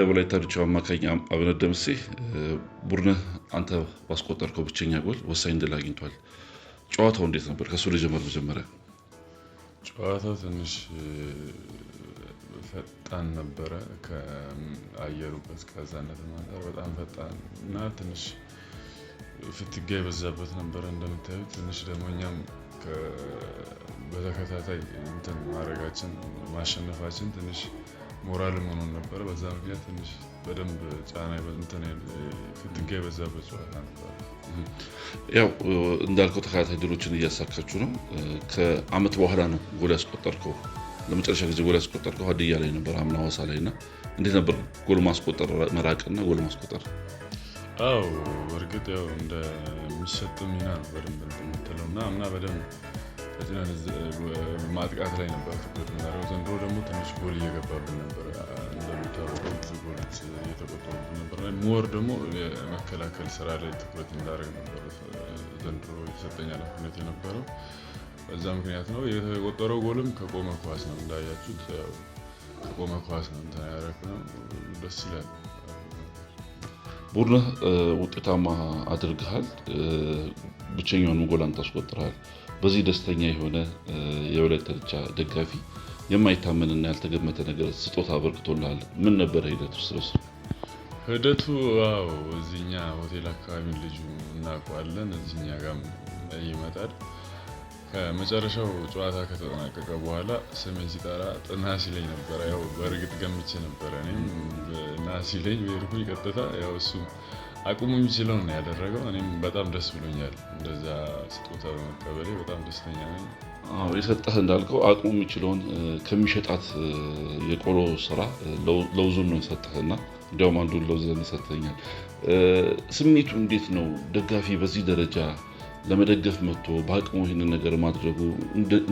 የወላይታ ድቻ አማካኝ አብነት ደምሴ ቡድንህ አንተ ባስቆጠርከው ብቸኛ ጎል ወሳኝ ድል አግኝቷል። ጨዋታው እንዴት ነበር? ከእሱ ልጀምር። መጀመሪያ ጨዋታው ትንሽ ፈጣን ነበረ። ከአየሩ ቀዝቃዛነት አንጻር በጣም ፈጣን እና ትንሽ ፍትጋ የበዛበት ነበረ። እንደምታዩት ትንሽ ደግሞ እኛም በተከታታይ እንትን ማድረጋችን ማሸነፋችን ትንሽ ሞራል መሆኑን ነበረ። በዛ ምክንያት ትንሽ በደንብ ጫና ፍትጋ የበዛበት ጨዋታ ነበር። ያው እንዳልከው ተከታታይ ድሎችን እያሳካችሁ ነው። ከአመት በኋላ ነው ጎል ያስቆጠርከው። ለመጨረሻ ጊዜ ጎል ያስቆጠርከው ሀዲያ ላይ ነበር፣ አምና ሐዋሳ ላይ እና እንዴት ነበር ጎል ማስቆጠር መራቅና ጎል ማስቆጠር? አው እርግጥ ያው እንደሚሰጥ ሚና ነው በደንብ የምትለው እና አምና በደንብ ማጥቃት ላይ ነበር ትኩረት የምናደርገው። ዘንድሮ ደግሞ ትንሽ ጎል እየገባብን ነበር። እንደሚታወቀው ብዙ ጎሎች እየተቆጠሩብን ነበር። ሞር ደግሞ የመከላከል ስራ ላይ ትኩረት እንዳደርግ ነበር ዘንድሮ የተሰጠኝ ኃላፊነት የነበረው በዛ ምክንያት ነው። የተቆጠረው ጎልም ከቆመ ኳስ ነው እንዳያችሁት፣ ከቆመ ኳስ ነው እንትን ያደረግነው። ደስ ይላል። ቡድንህ ውጤታማ አድርግሃል። ብቸኛውንም ጎል አንተ አስቆጥረሃል። በዚህ ደስተኛ የሆነ የወላይታ ድቻ ደጋፊ የማይታመንና ያልተገመተ ነገር ስጦታ አበርክቶልሃል። ምን ነበረ ሂደቱ? ስለሱ ሂደቱ ው እዚኛ ሆቴል አካባቢ ልጁ እናውቀዋለን፣ እዚኛ ጋም ይመጣል። ከመጨረሻው ጨዋታ ከተጠናቀቀ በኋላ ስሜ ሲጠራ ጥና ሲለኝ ነበረ። ያው በእርግጥ ገምቼ ነበረ እኔም ና ሲለኝ በሄድኩኝ ቀጥታ ያው እሱ አቁሙ የሚችለውን ነው ያደረገው። እኔም በጣም ደስ ብሎኛል። እንደዛ ስጦታ በመቀበሌ በጣም ደስተኛ ነኝ። የሰጠህ እንዳልከው አቅሙ የሚችለውን ከሚሸጣት የቆሎ ስራ ለውዙን ነው የሰጠህና እንዲያውም አንዱን ለውዘን ይሰጠኛል። ስሜቱ እንዴት ነው? ደጋፊ በዚህ ደረጃ ለመደገፍ መጥቶ በአቅሙ ይህንን ነገር ማድረጉ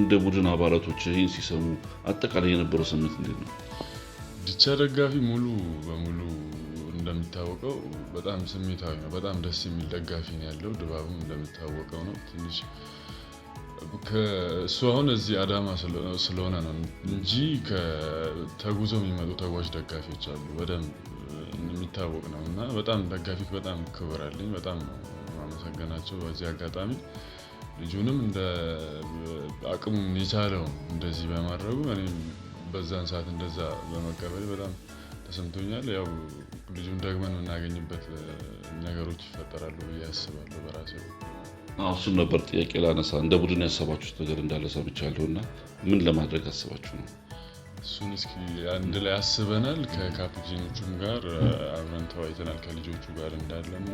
እንደ ቡድን አባላቶች ይህን ሲሰሙ አጠቃላይ የነበረው ስሜት እንዴት ነው? ድቻ ደጋፊ ሙሉ በሙሉ እንደሚታወቀው በጣም ስሜታዊ ነው። በጣም ደስ የሚል ደጋፊ ነው ያለው። ድባቡም እንደሚታወቀው ነው። ትንሽ እሱ አሁን እዚህ አዳማ ስለሆነ ነው እንጂ ተጉዞ የሚመጡ ተጓዥ ደጋፊዎች አሉ። በደንብ የሚታወቅ ነው እና በጣም ደጋፊ በጣም ክብር አለኝ። በጣም ማመሰገናቸው በዚህ አጋጣሚ ልጁንም እንደ አቅሙን የቻለውን እንደዚህ በማድረጉ እኔም በዛን ሰዓት እንደዛ በመቀበል በጣም ተሰምቶኛል። ያው ልጁን ደግመን የምናገኝበት ነገሮች ይፈጠራሉ ብዬ አስባለሁ። በራሴ እሱን ነበር ጥያቄ ላነሳ። እንደ ቡድን ያሰባችሁት ነገር እንዳለ ሰምቻለሁ እና ምን ለማድረግ አስባችሁ ነው? እሱን እስኪ አንድ ላይ አስበናል። ከካፒቴኖቹም ጋር አብረን ተወያይተናል። ከልጆቹ ጋር እንዳለን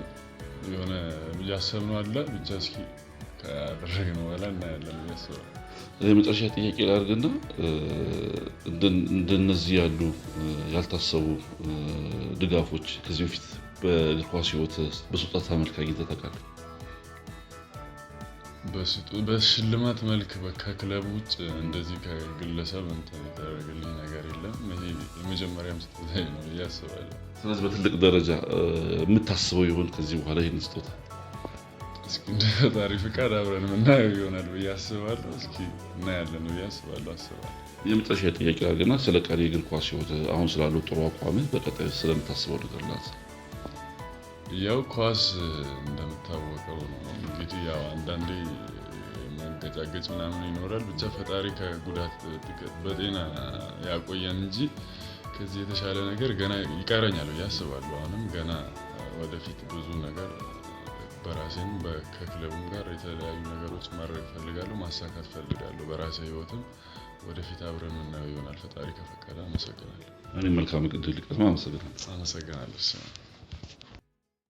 የሆነ እያሰብነው አለ ብቻ እስኪ ከአደረግን በኋላ እናያለን ያስባል። የመጨረሻ ጥያቄ ላድርግና እንደነዚህ ያሉ ላልታሰቡ ድጋፎች ከዚህ በፊት በእግር ኳስ ህይወት በስጦታ መልክ አግኝተህ ታውቃለህ? በሽልማት መልክ ከክለብ ውጭ እንደዚህ ከግለሰብ እንትን የተደረገልኝ ነገር የለም። ይሄ የመጀመሪያም ስጦታ ነው ብዬ ስለዚህ በትልቅ ደረጃ የምታስበው ይሆን ከዚህ በኋላ ይህን ስጦታ እስኪ እንደ ፈጣሪ ፍቃድ አብረን የምናየው ይሆናል ብዬ አስባለሁ። እስኪ እናያለን ብዬ አስባለሁ አስባለሁ። የመጨረሻ ጥያቄ ስለ ቀሪ እግር ኳስ ህይወት አሁን ስላለው ጥሩ አቋም በቀጣይ ስለምታስበው ያው ኳስ እንደምታወቀው ነው እንግዲህ ያው አንዳንዴ መንገጫገጭ ምናምን ይኖራል። ብቻ ፈጣሪ ከጉዳት በጤና ያቆየን እንጂ ከዚህ የተሻለ ነገር ገና ይቀረኛል ብዬ አስባለሁ። አሁንም ገና ወደፊት ብዙ ነገር በራሴም ከክለቡም ጋር የተለያዩ ነገሮች ማድረግ እፈልጋለሁ ማሳካት እፈልጋለሁ። በራሴ ህይወትም ወደፊት አብረን የምናየው ይሆናል ፈጣሪ ከፈቀደ። አመሰግናለሁ። እኔም መልካም እድል አመሰግናለሁ። አመሰግናለሁ።